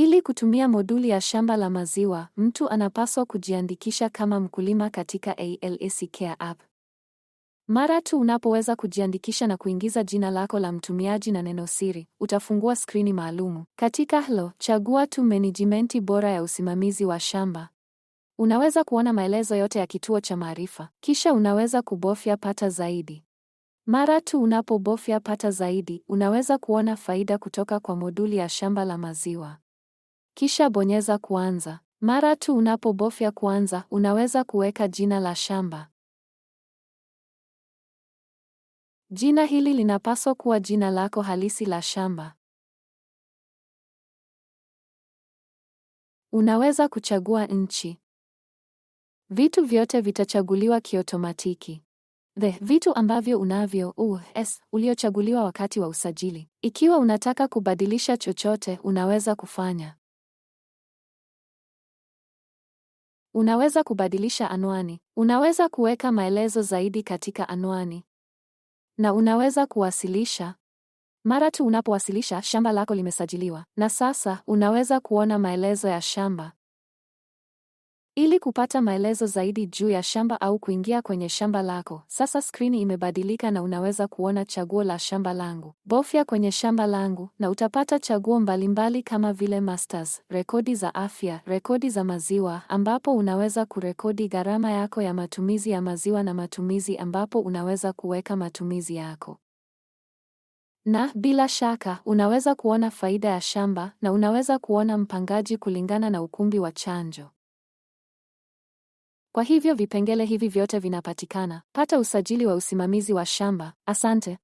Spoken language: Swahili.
Ili kutumia moduli ya shamba la maziwa, mtu anapaswa kujiandikisha kama mkulima katika ALS Care App. Mara tu unapoweza kujiandikisha na kuingiza jina lako la mtumiaji na neno siri, utafungua skrini maalumu. Katika hilo, chagua tu management bora ya usimamizi wa shamba. Unaweza kuona maelezo yote ya kituo cha maarifa, kisha unaweza kubofya pata zaidi. Mara tu unapobofya pata zaidi, unaweza kuona faida kutoka kwa moduli ya shamba la maziwa. Kisha bonyeza kuanza. Mara tu unapobofya kuanza, unaweza kuweka jina la shamba. Jina hili linapaswa kuwa jina lako halisi la shamba. Unaweza kuchagua nchi. Vitu vyote vitachaguliwa kiotomatiki. The vitu ambavyo unavyo us uliochaguliwa wakati wa usajili. Ikiwa unataka kubadilisha chochote, unaweza kufanya Unaweza kubadilisha anwani, unaweza kuweka maelezo zaidi katika anwani, na unaweza kuwasilisha. Mara tu unapowasilisha, shamba lako limesajiliwa, na sasa unaweza kuona maelezo ya shamba. Ili kupata maelezo zaidi juu ya shamba au kuingia kwenye shamba lako, sasa skrini imebadilika na unaweza kuona chaguo la shamba langu. Bofya kwenye shamba langu na utapata chaguo mbalimbali kama vile masters, rekodi za afya, rekodi za maziwa ambapo unaweza kurekodi gharama yako ya matumizi ya maziwa na matumizi ambapo unaweza kuweka matumizi yako. Na bila shaka unaweza kuona faida ya shamba na unaweza kuona mpangaji kulingana na ukumbi wa chanjo. Kwa hivyo vipengele hivi vyote vinapatikana. Pata usajili wa usimamizi wa shamba. Asante.